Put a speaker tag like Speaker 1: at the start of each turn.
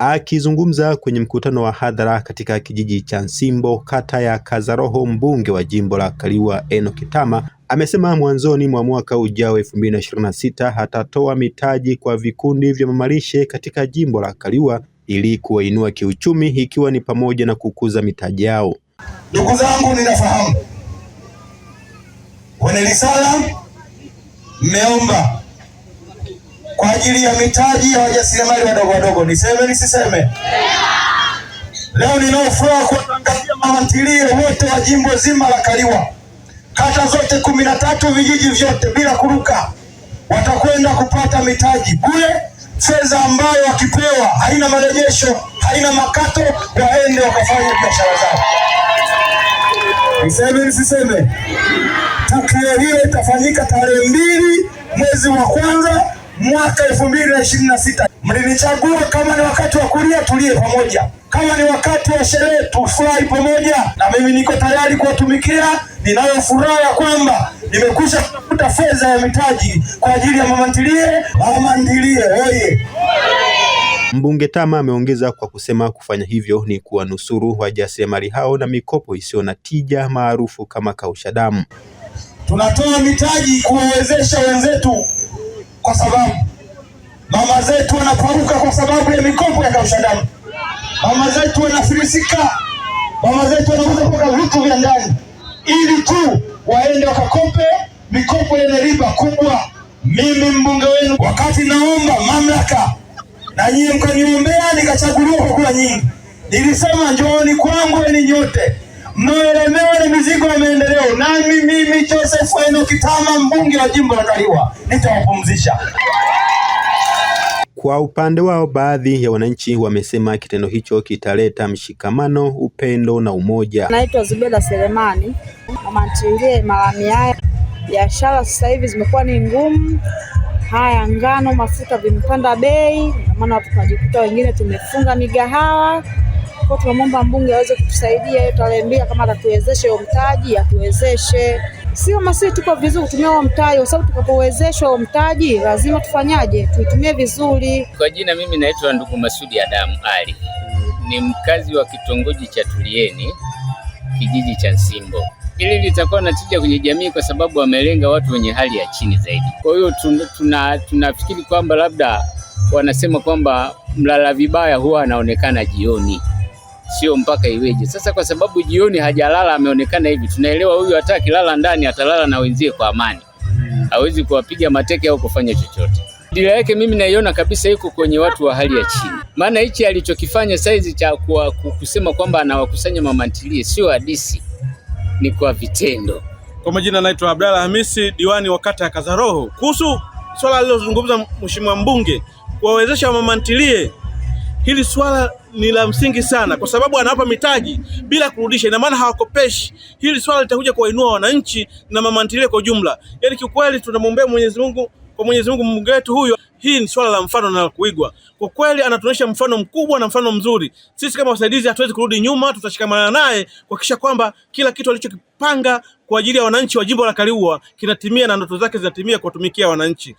Speaker 1: Akizungumza kwenye mkutano wa hadhara katika kijiji cha Nsimbo, kata ya Kazaroho, mbunge wa jimbo la Kaliua Eno Kitama amesema mwanzoni mwa mwaka ujao 2026 atatoa mitaji kwa vikundi vya mamalishe katika jimbo la Kaliua ili kuwainua kiuchumi ikiwa ni pamoja na kukuza mitaji yao.
Speaker 2: Ndugu zangu, ninafahamu kwenye risala mmeomba kwa ajili ya mitaji ya wajasiriamali wadogo wadogo. Niseme nisiseme? Leo ninao furaha kuwaangazia mama ntilie wote wa jimbo zima la Kaliwa, kata zote kumi na tatu, vijiji vyote bila kuruka, watakwenda kupata mitaji bure, fedha ambayo wakipewa haina marejesho, haina makato, waende wakafanya biashara zao. Niseme nisiseme? Tukio hiyo itafanyika tarehe mbili mwezi wa kwanza mwaka sita mlinichagua. Kama ni wakati wa kulia, tulie pamoja. Kama ni wakati wa sherehe, tufurahi pamoja, na mimi niko tayari kuwatumikia. Ninayo furaha ya kwamba nimekwisha kutafuta fedha ya mitaji kwa ajili ya mama ntilie. oye!
Speaker 1: Mbunge Tama ameongeza kwa kusema kufanya hivyo ni kuwanusuru wajasiriamali hao na mikopo isiyo na tija maarufu kama kausha damu.
Speaker 2: Tunatoa mitaji kuwawezesha wenzetu kwa sababu mama zetu wanaparuka kwa sababu ya mikopo ya kausha damu. Mama zetu wanafilisika, mama zetu wanauza mpaka vitu vya ndani ili tu waende wakakope mikopo yenye riba kubwa. Mimi mbunge wenu, wakati naomba mamlaka na nyie mkaniombea nikachaguliwa kwa kura nyingi, nilisema njooni kwangu enyi nyote mnaoelemewa na mizigo nami mimi Joseph Waino Kitama, mbunge wa jimbo la Kaliua, nitawapumzisha.
Speaker 1: Kwa upande wao, baadhi ya wananchi wamesema kitendo hicho kitaleta mshikamano, upendo na umoja.
Speaker 3: Naitwa Zubeda Selemani, amantingie malami. Haya biashara sasa hivi zimekuwa ni ngumu, haya ngano, mafuta vimepanda bei, maana tunajikuta wengine tumefunga migahawa kwa tunamwomba mbunge aweze kutusaidia hiyo tarehe mbili, kama atatuwezesha huo mtaji atuwezeshe, sio masi tuko vizuri kutumia huo mtaji, kwa sababu tukapowezeshwa huo mtaji lazima tufanyaje, tuitumie vizuri.
Speaker 4: Kwa jina mimi naitwa ndugu Masudi Adamu Ali, ni mkazi wa kitongoji cha Tulieni, kijiji cha Nsimbo. Hili litakuwa na tija kwenye jamii kwa sababu wamelenga watu wenye hali ya chini zaidi. Kwa hiyo tuna tunafikiri kwamba labda wanasema kwamba mlala vibaya huwa anaonekana jioni sio mpaka iweje? Sasa kwa sababu jioni hajalala, ameonekana hivi, tunaelewa huyu hataki lala ndani, atalala na wenzie kwa amani, hawezi kuwapiga mateke au kufanya chochote. Dira yake mimi naiona kabisa iko kwenye watu wa hali ya chini, maana hichi alichokifanya saizi cha kwa kusema kwamba anawakusanya mamantilie sio hadisi, ni kwa vitendo.
Speaker 5: Kwa majina naitwa Abdalla Hamisi, diwani wa kata ya Kazaroho, kuhusu swala alilozungumza mheshimiwa mbunge kuwawezesha mamantilie hili swala ni la msingi sana, kwa sababu anawapa mitaji bila kurudisha, ina maana hawakopeshi. Hili swala litakuja kuwainua wananchi na mama ntilie kwa ujumla. Yani kiukweli, tunamwombea Mwenyezi Mungu, kwa Mwenyezi Mungu mbunge wetu huyo. Hii ni swala la mfano na kuigwa kwa kweli, anatuonyesha mfano mkubwa na mfano mzuri. Sisi kama wasaidizi hatuwezi kurudi nyuma, tutashikamana naye kuhakikisha kwamba kila kitu alichokipanga kwa ajili ya wananchi wa jimbo la Kaliua kinatimia na ndoto zake zinatimia kuwatumikia wananchi.